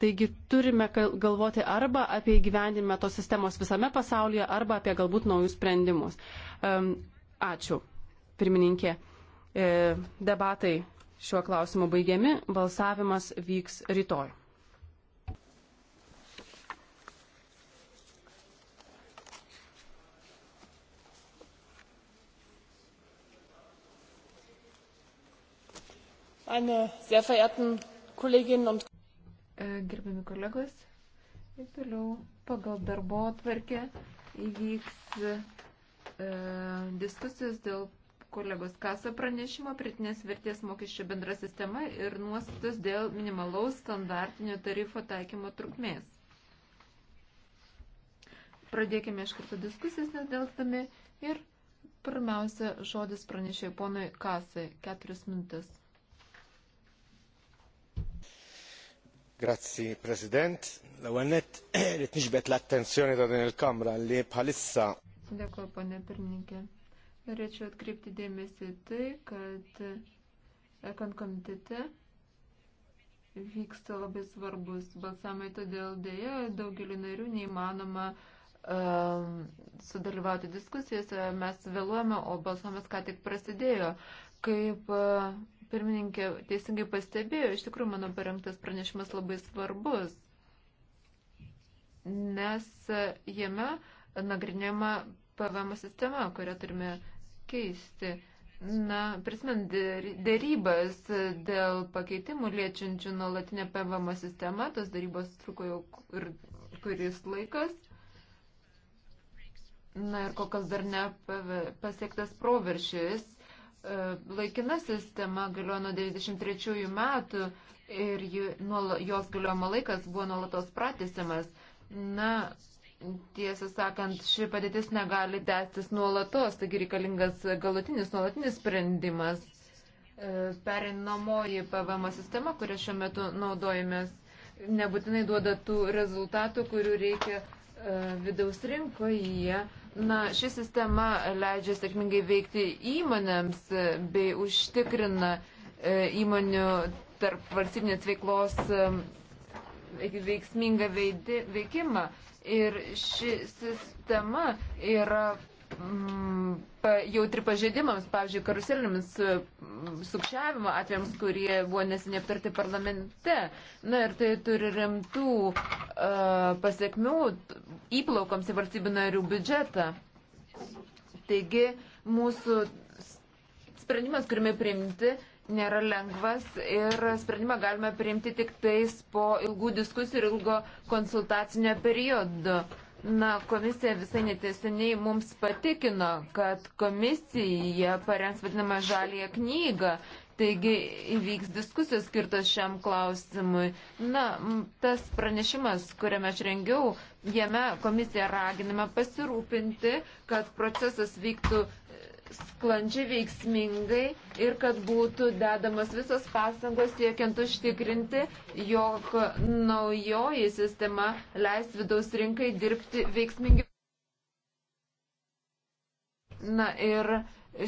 Taigi turime galvoti arba apie įgyvendinimą tos sistemos visame pasaulyje, arba apie galbūt naujus sprendimus. Ačiū, pirmininkė. E, debatai šiuo klausimu baigiami, balsavimas vyks rytoj. Meine sehr verehrten Kolleginnen und E, gerbiami kolegos. Ir toliau pagal darbo atvarkę įvyks e, diskusijos dėl kolegos kaso pranešimo, pritinės vertės mokesčio bendra sistema ir nuostatos dėl minimalaus standartinio tarifo taikymo trukmės. Pradėkime iš karto diskusijas nedelsdami ir pirmiausia žodis pranešė ponui kasai. Keturias minutės. signor president l ewwel nett eh, irid niġbed l-attenzjoni ta' din il-kamra li bħalissa Dėkoju, ponė pirmininkė. Norėčiau atkreipti dėmesį tai, kad Ekon eh, komitete vyksta labai svarbus balsamai, todėl dėja daugeliu narių neįmanoma um, ehm, sudalyvauti diskusijose. Mes vėluojame, o balsamas ką tik prasidėjo. Kaip uh, eh, pirmininkė teisingai pastebėjo, iš tikrųjų mano parengtas pranešimas labai svarbus, nes jame nagrinėjama PVM sistema, kurią turime keisti. Na, prisimint dėrybas dėl pakeitimų liečiančių nuolatinę PVM sistemą, tos dėrybos truko jau ir kuris laikas. Na ir kol kas dar nepasiektas proveršis E, laikina sistema galioja nuo 93 metų ir jos galiojimo laikas buvo nuolatos pratesiamas. Na, tiesą sakant, ši padėtis negali tęstis nuolatos, taigi reikalingas galutinis nuolatinis sprendimas. E, perinamoji PVM sistema, kurią šiuo metu naudojamės, nebūtinai duoda tų rezultatų, kurių reikia e, vidaus rinkoje. Na, ši sistema leidžia sėkmingai veikti įmonėms bei užtikrina e, įmonių tarp valstybinės veiklos e, veiksmingą veidi, veikimą. Ir ši sistema yra Mm, jautri pažeidimams, pavyzdžiui, karuselėmis mm, sukčiavimo atvejams, kurie buvo nesiniai aptarti parlamente. Na ir tai turi rimtų uh, e, pasiekmių įplaukoms į valstybių narių biudžetą. Taigi mūsų sprendimas, kurime priimti, nėra lengvas ir sprendimą galime priimti tik tais po ilgų diskusijų ir ilgo konsultacinio periodo. Uh, Na, komisija visai netiesiniai mums patikino, kad komisija parengs vadinamą žalėją knygą, taigi įvyks diskusijos skirtos šiam klausimui. Na, tas pranešimas, kuriame aš rengiau, jame komisija raginame pasirūpinti, kad procesas vyktų sklandžiai veiksmingai ir kad būtų dedamas visos pastangos siekiant užtikrinti, jog naujoji sistema leis vidaus rinkai dirbti veiksmingai. Na ir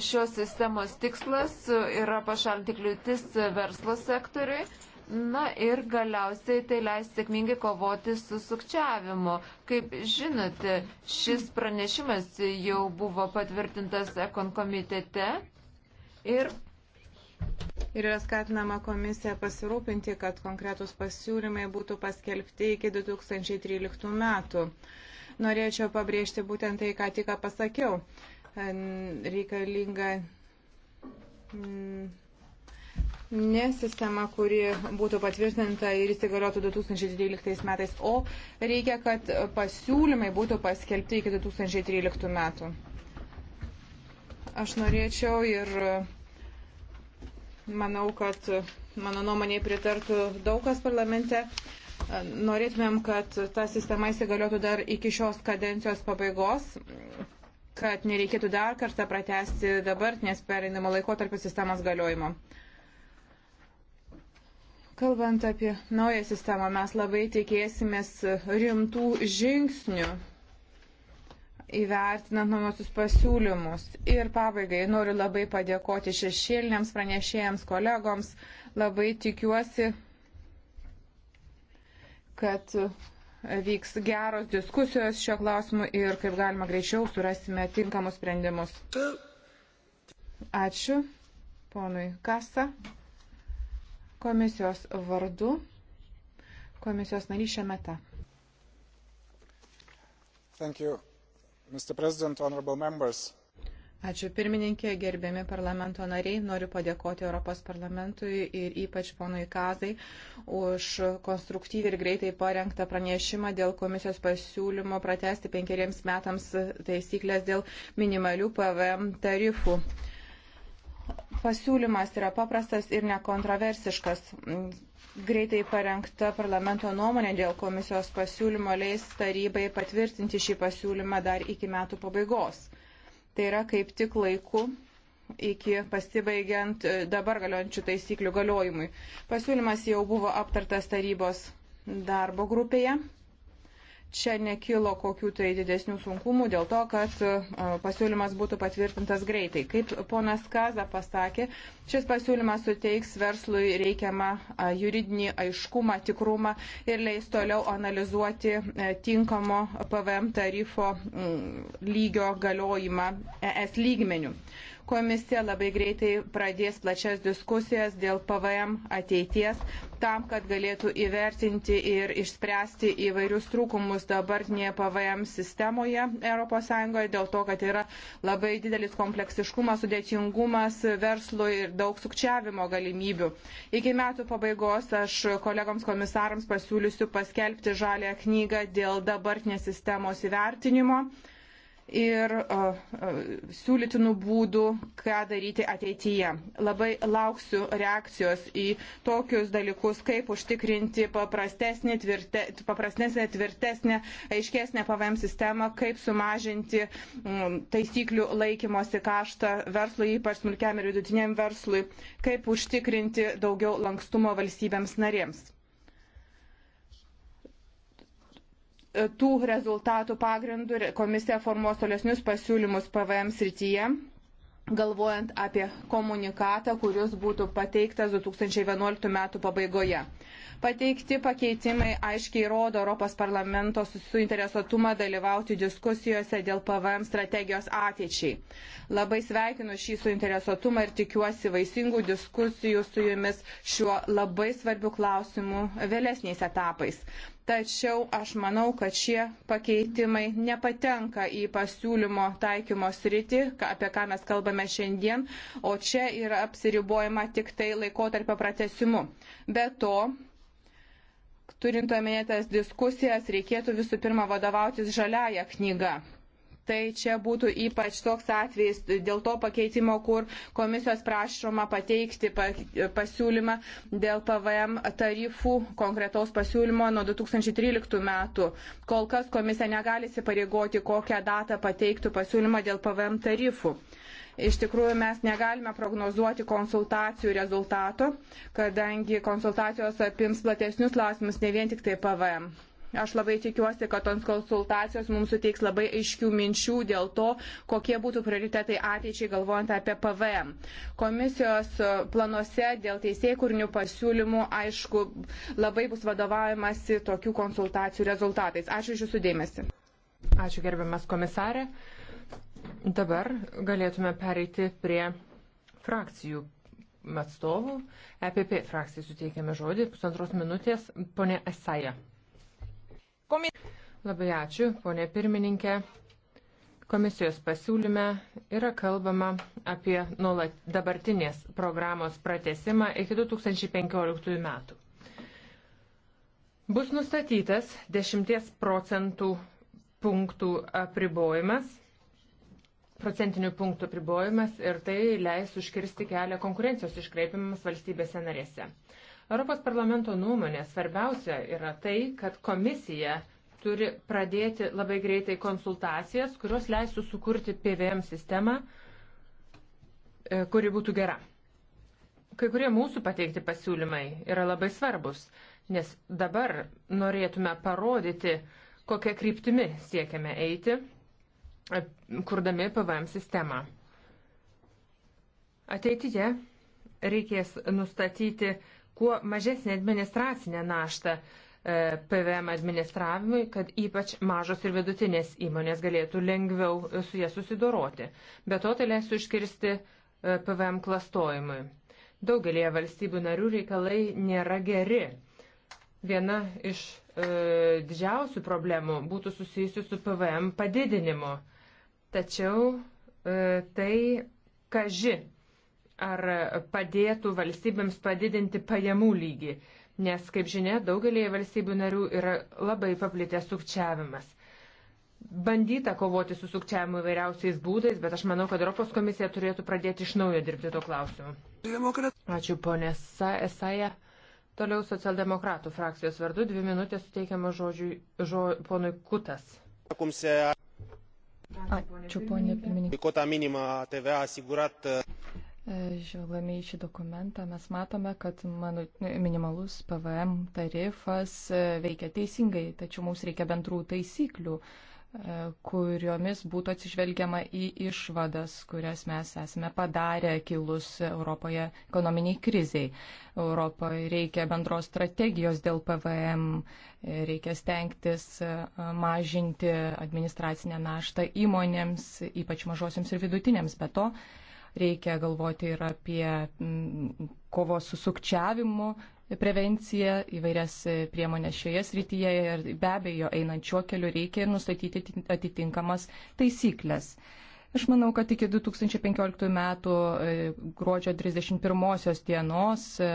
šios sistemos tikslas yra pašalinti kliūtis verslo sektoriui Na ir galiausiai tai leis sėkmingai kovoti su sukčiavimu. Kaip žinote, šis pranešimas jau buvo patvirtintas Ekon komitete ir Ir yra skatinama komisija pasirūpinti, kad konkretus pasiūlymai būtų paskelbti iki 2013 metų. Norėčiau pabrėžti būtent tai, ką tik pasakiau. Reikalinga ne sistema, kuri būtų patvirtinta ir įsigaliotų 2012 metais, o reikia, kad pasiūlymai būtų paskelbti iki 2013 metų. Aš norėčiau ir manau, kad mano nuomonė pritartų daug kas parlamente. Norėtumėm, kad ta sistema įsigaliotų dar iki šios kadencijos pabaigos, kad nereikėtų dar kartą pratesti dabartinės pereinimo laikotarpio sistemos galiojimo. Kalbant apie naują sistemą, mes labai tikėsimės rimtų žingsnių įvertinant naujosius pasiūlymus. Ir pabaigai noriu labai padėkoti šešėliniams pranešėjams, kolegoms. Labai tikiuosi, kad vyks geros diskusijos šio klausimu ir kaip galima greičiau surasime tinkamus sprendimus. Ačiū ponui Kasa komisijos vardu komisijos narys Šemeta. Ačiū pirmininkė, gerbiami parlamento nariai. Noriu padėkoti Europos parlamentui ir ypač ponui Kazai už konstruktyvį ir greitai parengtą pranešimą dėl komisijos pasiūlymo pratesti penkeriems metams taisyklės dėl minimalių PVM tarifų. Pasiūlymas yra paprastas ir nekontroversiškas. Greitai parengta parlamento nuomonė dėl komisijos pasiūlymo leis tarybai patvirtinti šį pasiūlymą dar iki metų pabaigos. Tai yra kaip tik laiku iki pasibaigiant e, dabar galiojančių taisyklių galiojimui. Pasiūlymas jau buvo aptartas tarybos darbo grupėje čia nekilo kokių tai didesnių sunkumų dėl to, kad e, pasiūlymas būtų patvirtintas greitai. Kaip ponas Kaza pasakė, šis pasiūlymas suteiks verslui reikiamą e, juridinį aiškumą, tikrumą ir leis toliau analizuoti e, tinkamo PVM tarifo lygio galiojimą ES lygmenių. Komisija labai greitai pradės plačias diskusijas dėl PVM ateities tam, kad galėtų įvertinti ir išspręsti įvairius trūkumus dabartinėje PVM sistemoje ES, dėl to, kad yra labai didelis kompleksiškumas, sudėtingumas verslui ir daug sukčiavimo galimybių. Iki metų pabaigos aš kolegoms komisarams pasiūlysiu paskelbti žalę knygą dėl dabartinės sistemos įvertinimo ir uh, uh, siūlytinų būdų, ką daryti ateityje. Labai lauksiu reakcijos į tokius dalykus, kaip užtikrinti paprastesnį, tvirte, paprastesnį tvirtesnę, aiškesnę PVM sistemą, kaip sumažinti um, taisyklių laikymosi kaštą verslui, ypač smulkiam ir vidutiniam verslui, kaip užtikrinti daugiau lankstumo valstybėms narėms. tų rezultatų pagrindų komisija formuos tolesnius pasiūlymus PVM srityje, galvojant apie komunikatą, kuris būtų pateiktas 2011 metų pabaigoje. Pateikti pakeitimai aiškiai rodo Europos parlamento suinteresuotumą dalyvauti diskusijose dėl PVM strategijos ateičiai. Labai sveikinu šį suinteresuotumą ir tikiuosi vaisingų diskusijų su jumis šiuo labai svarbiu klausimu vėlesniais etapais. Tačiau aš manau, kad šie pakeitimai nepatenka į pasiūlymo taikymo sritį, apie ką mes kalbame šiandien, o čia yra apsiribojama tik tai laikotarpio pratesimu. Be to, turint omenyje tas diskusijas, reikėtų visų pirma vadovautis žaliaja knyga. Tai čia būtų ypač toks atvejis dėl to pakeitimo, kur komisijos prašoma pateikti pasiūlymą dėl PVM tarifų konkretaus pasiūlymo nuo 2013 metų. Kol kas komisija negali įsipareigoti, kokią datą pateiktų pasiūlymą dėl PVM tarifų. Iš tikrųjų, mes negalime prognozuoti konsultacijų rezultato, kadangi konsultacijos apims platesnius klausimus, ne vien tik tai PVM. Aš labai tikiuosi, kad tos konsultacijos mums suteiks labai aiškių minčių dėl to, kokie būtų prioritetai ateičiai galvojant apie PVM. Komisijos planuose dėl teisėkurnių pasiūlymų, aišku, labai bus vadovaujamasi tokių konsultacijų rezultatais. Ačiū iš Jūsų dėmesį. Ačiū gerbiamas komisarė. Dabar galėtume pereiti prie frakcijų atstovų. EPP frakcijai suteikėme žodį pusantros minutės. Pone Esaja. Labai ačiū, ponė pirmininkė. Komisijos pasiūlyme yra kalbama apie nuolat dabartinės programos pratesimą iki 2015 metų. Bus nustatytas 10 procentų punktų apribojimas procentinių punktų pribojimas ir tai leis užkirsti kelią konkurencijos iškreipimams valstybėse narėse. Europos parlamento nuomonė svarbiausia yra tai, kad komisija turi pradėti labai greitai konsultacijas, kurios leistų sukurti PVM sistemą, e, kuri būtų gera. Kai kurie mūsų pateikti pasiūlymai yra labai svarbus, nes dabar norėtume parodyti, kokią kryptimi siekiame eiti kurdami PVM sistemą. Ateityje reikės nustatyti kuo mažesnį administracinę naštą e, PVM administravimui, kad ypač mažos ir vidutinės įmonės galėtų lengviau e, su jie susidoroti. Be to tai leisų iškirsti e, PVM klastojimui. Daugelie valstybių narių reikalai nėra geri. Viena iš e, didžiausių problemų būtų susijusi su PVM padidinimu. E, Tačiau e, tai, kaži, ar padėtų valstybėms padidinti pajamų lygį, nes, kaip žinia, daugelėje valstybių narių yra labai paplitęs sukčiavimas. Bandyta kovoti su sukčiavimu įvairiausiais būdais, bet aš manau, kad Europos komisija turėtų pradėti iš naujo dirbti tuo klausimu. Demokrat. Ačiū, ponė Esaja. Toliau socialdemokratų frakcijos vardu dvi minutės suteikiama žodžiui žo, ponui Kutas. Akumse Ačiū, ponė pirmininkė. Kota minima TVA asigurat. E, e, žvelgdami į šį dokumentą mes matome, kad manu, e, minimalus PVM tarifas veikia teisingai, tačiau mums reikia bendrų taisyklių. Uh, kuriomis būtų atsižvelgiama į išvadas, kurias mes esame padarę kilus Europoje ekonominiai kriziai. Europoje reikia bendros strategijos dėl PVM, reikia stengtis e, mažinti administracinę naštą įmonėms, ypač mažosiams ir vidutinėms. Be to, Reikia galvoti ir apie mm, kovos su sukčiavimu prevenciją, įvairias priemonės šioje srityje ir be abejo einant šiuo keliu reikia ir nustatyti atitinkamas taisyklės. Aš manau, kad iki 2015 metų e, gruodžio 31 dienos e,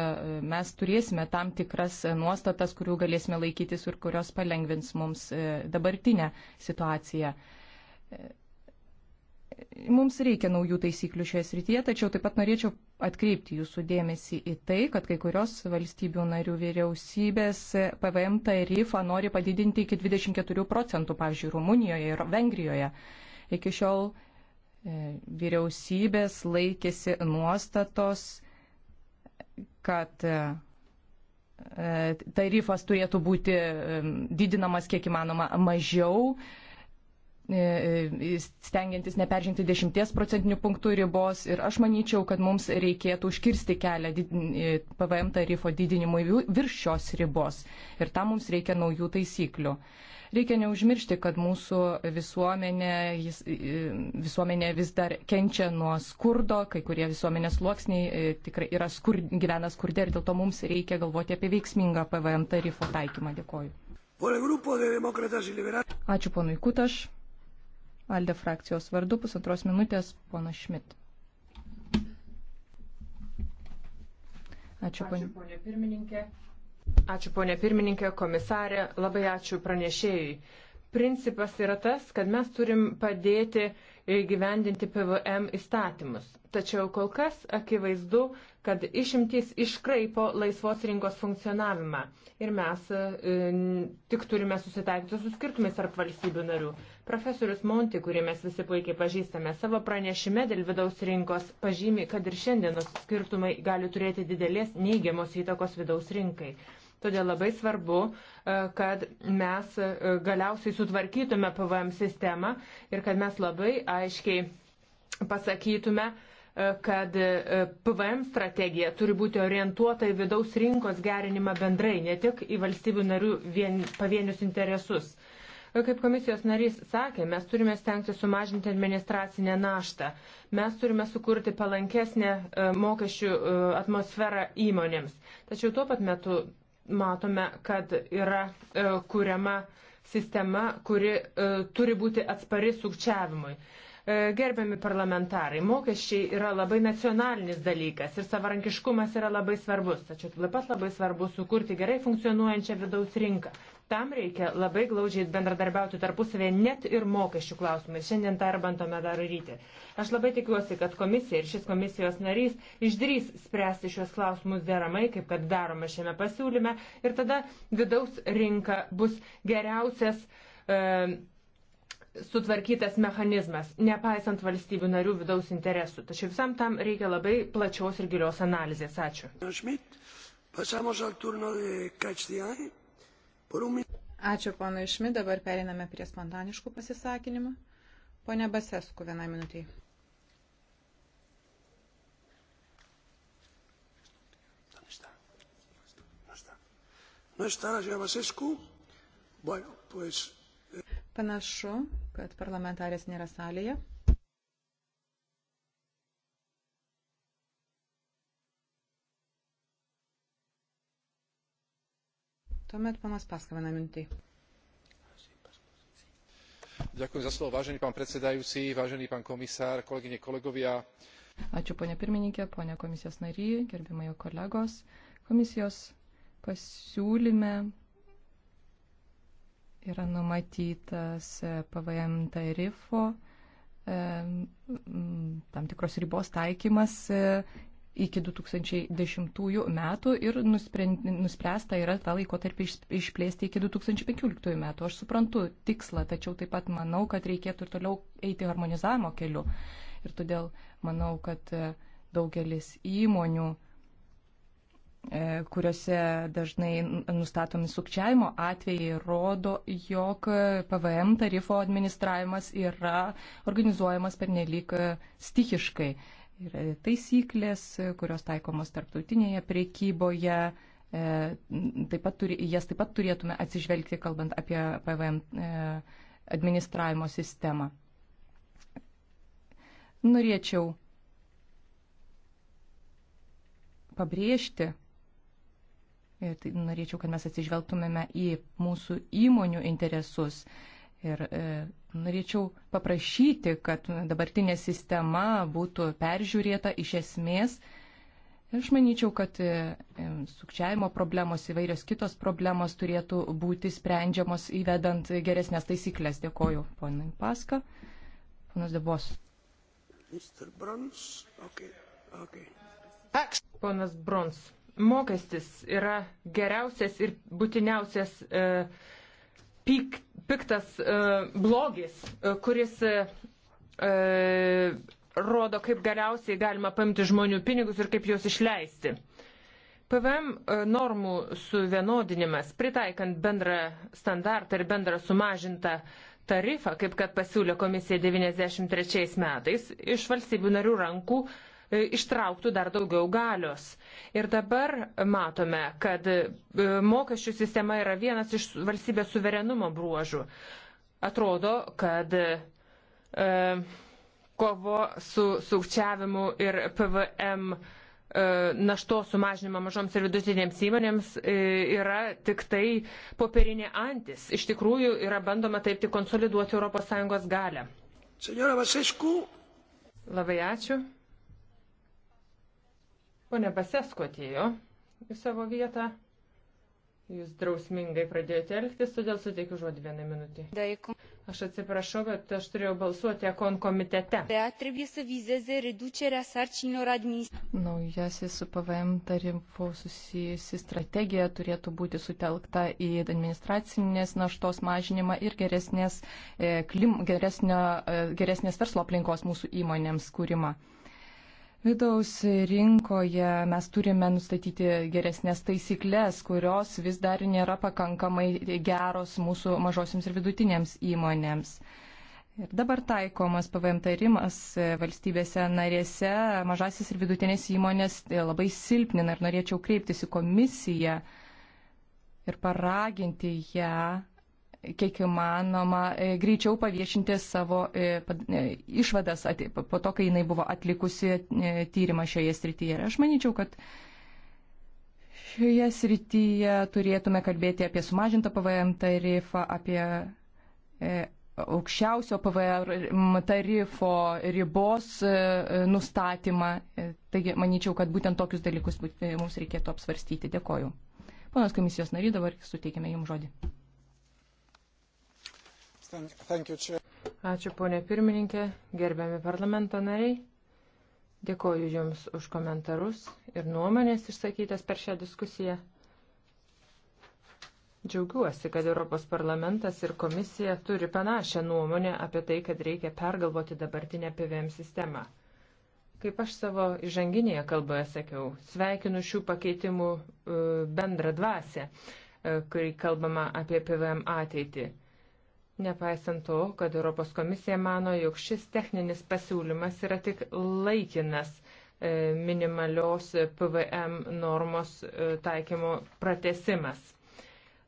mes turėsime tam tikras nuostatas, kurių galėsime laikytis ir kurios palengvins mums e, dabartinę situaciją. Mums reikia naujų taisyklių šioje srityje, tačiau taip pat norėčiau atkreipti jūsų dėmesį į tai, kad kai kurios valstybių narių vyriausybės PVM tarifą nori padidinti iki 24 procentų, pavyzdžiui, Rumunijoje ir Vengrijoje. Iki šiol e, vyriausybės laikėsi nuostatos, kad e, tarifas turėtų būti e, didinamas kiek įmanoma mažiau E, e, stengiantis neperžengti 10 procentinių punktų ribos. Ir aš manyčiau, kad mums reikėtų užkirsti kelią e, PVM tarifo didinimui virš šios ribos. Ir tam mums reikia naujų taisyklių. Reikia neužmiršti, kad mūsų visuomenė, jis, visuomenė vis dar kenčia nuo skurdo, kai kurie visuomenės sluoksniai tikrai yra skur, gyvena skurde ir dėl to mums reikia galvoti apie veiksmingą PVM tarifo taikymą. Dėkoju. Ačiū ponui Kutaš. Alde frakcijos vardu pusantros minutės, pono Šmit. Ačiū, ponė. ačiū ponė pirmininkė. Ačiū ponė pirmininkė, komisarė, labai ačiū pranešėjai. Principas yra tas, kad mes turim padėti uh, įgyvendinti PVM įstatymus. Tačiau kol kas akivaizdu, kad išimtys iškraipo laisvos rinkos funkcionavimą ir mes e, tik turime susitaikyti su skirtumais tarp valstybių narių. Profesorius Monti, kurį mes visi puikiai pažįstame, savo pranešime dėl vidaus rinkos pažymi, kad ir šiandienos skirtumai gali turėti didelės neigiamos įtakos vidaus rinkai. Todėl labai svarbu, e, kad mes e, galiausiai sutvarkytume PVM sistemą ir kad mes labai aiškiai pasakytume, e, kad PVM strategija turi būti orientuota į vidaus rinkos gerinimą bendrai, ne tik į valstybių narių vien, pavienius interesus. Kaip komisijos narys sakė, mes turime stengti sumažinti administracinę naštą. Mes turime sukurti palankesnę mokesčių atmosferą įmonėms. Tačiau tuo pat metu matome, kad yra e, kuriama sistema, kuri e, turi būti atspari sukčiavimui. E, gerbiami parlamentarai, mokesčiai yra labai nacionalinis dalykas ir savarankiškumas yra labai svarbus, tačiau taip pat labai svarbu sukurti gerai funkcionuojančią vidaus rinką. Tam reikia labai glaudžiai bendradarbiauti tarpusavėje net ir mokesčių klausimais. Šiandien tą ir bandome daryti. Aš labai tikiuosi, kad komisija ir šis komisijos narys išdrys spręsti šios klausimus deramai, kaip kad darome šiame pasiūlyme, ir tada vidaus rinka bus geriausias. E, sutvarkytas mechanizmas, nepaisant valstybių narių vidaus interesų. Tačiau visam tam reikia labai plačios ir gilios analizės. Ačiū. Ačiū, ponai Šmit. Dabar periname prie spontaniškų pasisakymų. Pone Basesku, vieną minutį. No está la señora Basescu. Bueno, pues Panašu, kad parlamentarės nėra salėje. Tuomet panas Paskava na minutį. Ďakujem za slovo, vážený pán predsedajúci, vážený pán komisár, kolegyne, kolegovia. Ačiū, ponia pirmininkė, ponia komisijos nary, gerbimojo kolegos. Komisijos pasiūlyme yra numatytas e, PVM tarifo e, tam tikros ribos taikymas e, iki 2010 metų ir nuspręsta yra tą laikotarpį išplėsti iki 2015 metų. Aš suprantu tikslą, tačiau taip pat manau, kad reikėtų ir toliau eiti harmonizavimo keliu. Ir todėl manau, kad daugelis įmonių E, kuriuose dažnai nustatomi sukčiavimo atvejai, rodo, jog PVM tarifo administravimas yra organizuojamas per nelik e, stichiškai. Yra e, taisyklės, kurios taikomos tarptautinėje priekyboje, taip pat turi, jas taip pat turėtume atsižvelgti, kalbant apie PVM administravimo sistemą. Norėčiau pabrėžti, Ir tai norėčiau, kad mes atsižvelgtumėme į mūsų įmonių interesus. Ir e, norėčiau paprašyti, kad dabartinė sistema būtų peržiūrėta iš esmės. Ir aš manyčiau, kad e, e, sukčiavimo problemos, įvairios kitos problemos turėtų būti sprendžiamos įvedant geresnės taisyklės. Dėkoju, ponai Paska. Ponas Debos. Mr. Brons. Okay. Okay. Ponas Brons mokestis yra geriausias ir būtiniausias e, pyk, piktas e, blogis, e, kuris e, e rodo, kaip geriausiai galima paimti žmonių pinigus ir kaip juos išleisti. PVM e, normų suvienodinimas, pritaikant bendrą standartą ir bendrą sumažintą tarifą, kaip kad pasiūlė komisija 93 metais, iš valstybių narių rankų E, ištrauktų dar daugiau galios. Ir dabar matome, kad e, mokesčių sistema yra vienas iš valstybės suverenumo bruožų. Atrodo, kad e, kovo su sukčiavimu ir PVM naštos sumažinimą mažoms ir vidutinėms įmonėms yra tik tai popierinė antis. Iš tikrųjų yra bandoma taip tik konsoliduoti ES galę. Senora Basescu. Labai ačiū. Pone Basesko atėjo į savo vietą. Jūs drausmingai pradėjote elgtis, todėl suteikiu žodį vieną minutį. Daikum. Aš atsiprašau, bet aš turėjau balsuoti Ekon komitete. Naujasis su PVM tarifu susijusi strategija turėtų būti sutelkta į administracinės naštos mažinimą ir geresnės, e, klim, geresnio, e, geresnės verslo aplinkos mūsų įmonėms kūrimą. Vidaus rinkoje mes turime nustatyti geresnės taisyklės, kurios vis dar nėra pakankamai geros mūsų mažosiams ir vidutinėms įmonėms. Ir dabar taikomas PVM tarimas e, valstybėse narėse mažasis ir vidutinės įmonės e, labai silpnina ir norėčiau kreiptis į komisiją ir paraginti ją kiek įmanoma e, greičiau paviešinti savo e, e, išvadas po to, kai jinai buvo atlikusi tyrimą šioje srityje. Ir aš manyčiau, kad šioje srityje turėtume kalbėti apie sumažintą PVM tarifą, apie aukščiausio PVM tarifo ribos nustatymą. Taigi, manyčiau, kad būtent tokius dalykus mums reikėtų apsvarstyti. Dėkoju. Ponas komisijos nary, dabar suteikime Jums žodį. Ačiū, ponė pirmininkė, gerbiami parlamento nariai. Dėkoju Jums už komentarus ir nuomonės išsakytas per šią diskusiją. Džiaugiuosi, kad Europos parlamentas ir komisija turi panašią nuomonę apie tai, kad reikia pergalvoti dabartinę PVM sistemą. Kaip aš savo įžanginėje kalboje sakiau, sveikinu šių pakeitimų e, bendrą dvasę, e, kai kalbama apie PVM ateitį. Nepaisant to, kad Europos komisija mano, jog šis techninis pasiūlymas yra tik laikinas e, minimalios PVM normos e, taikymo pratesimas.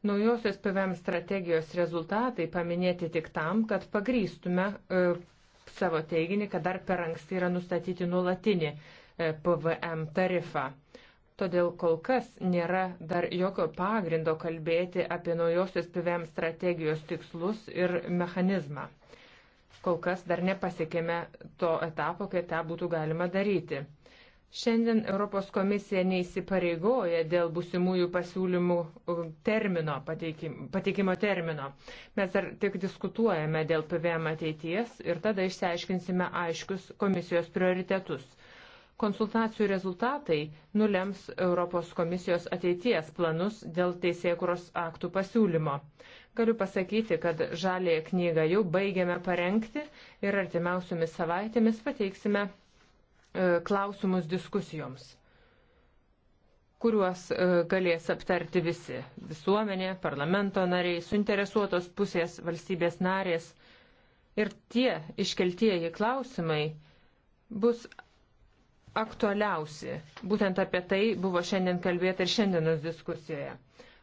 Naujosios PVM strategijos rezultatai paminėti tik tam, kad pagrystume e, savo teiginį, kad dar per anksti yra nustatyti nuolatinį PVM tarifą. Todėl kol kas nėra dar jokio pagrindo kalbėti apie naujosios PVM strategijos tikslus ir mechanizmą. Kol kas dar nepasiekėme to etapo, kai tą būtų galima daryti. Šiandien Europos komisija neįsipareigoja dėl busimųjų pasiūlymų uh, termino, pateikimo termino. Mes dar tik diskutuojame dėl PVM ateities ir tada išsiaiškinsime aiškius komisijos prioritetus. Konsultacijų rezultatai nulems Europos komisijos ateities planus dėl teisėkuros aktų pasiūlymo. Galiu pasakyti, kad žalėje knygą jau baigėme parengti ir artimiausiomis savaitėmis pateiksime e, klausimus diskusijoms, kuriuos e, galės aptarti visi - visuomenė, parlamento nariai, suinteresuotos pusės, valstybės narės. Ir tie iškeltieji klausimai bus aktualiausi. Būtent apie tai buvo šiandien kalbėta ir šiandienos diskusijoje.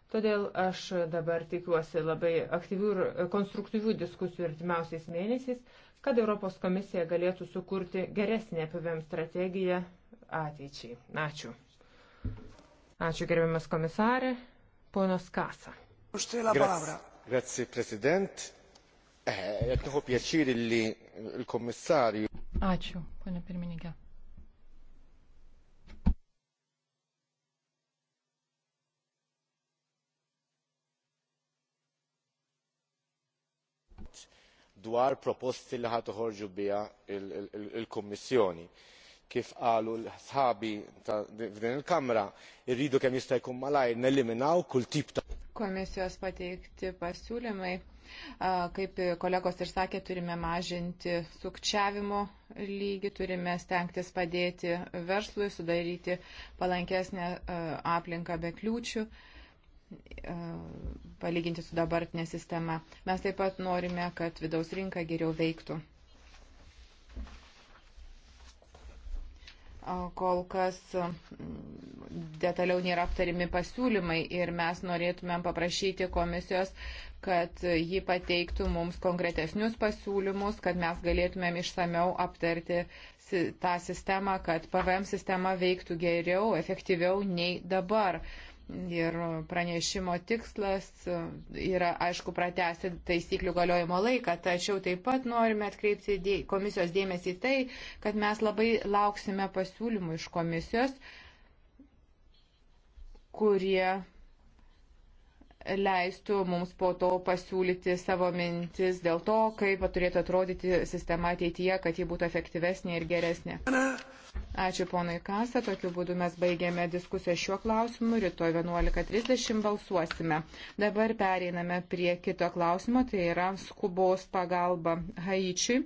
Todėl aš dabar tikiuosi labai aktyvių ir konstruktyvių diskusijų artimiausiais mėnesiais, kad Europos komisija galėtų sukurti geresnį apivėm strategiją ateičiai. Ačiū. Ačiū gerbiamas komisarė, ponos Kasa. Už tai labai labra. Grazie, prezident. Eh, Ačiū, ponia pirmininkė. dwar proposti li ħatoħorġu biha l kummissjoni. kif qalu sħabi f'din il-kamra rridu kemm jista' jkun malajr neliminaw kull tip ta' Komisijos pateikti pasiūlymai, kaip kolegos ir sakė, turime mažinti sukčiavimo lygį, turime stengtis padėti verslui, sudaryti palankesnę eh, aplinką be kliūčių palyginti su dabartinė sistema. Mes taip pat norime, kad vidaus rinka geriau veiktų. Kol kas detaliau nėra aptarimi pasiūlymai ir mes norėtumėm paprašyti komisijos, kad ji pateiktų mums konkretesnius pasiūlymus, kad mes galėtumėm išsameu aptarti tą sistemą, kad PVM sistema veiktų geriau, efektyviau nei dabar. Ir pranešimo tikslas e, yra, aišku, pratesti taisyklių galiojimo laiką, tačiau taip pat norime atkreipti dė... komisijos dėmesį į tai, kad mes labai lauksime pasiūlymų iš komisijos, kurie leistų mums po to pasiūlyti savo mintis dėl to, kaip turėtų atrodyti sistema ateityje, kad ji būtų efektyvesnė ir geresnė. Ana. Ačiū ponai Kasa, tokiu būdu mes baigėme diskusiją šiuo klausimu, rytoj 11.30 balsuosime. Dabar pereiname prie kito klausimo, tai yra skubos pagalba Haičiui.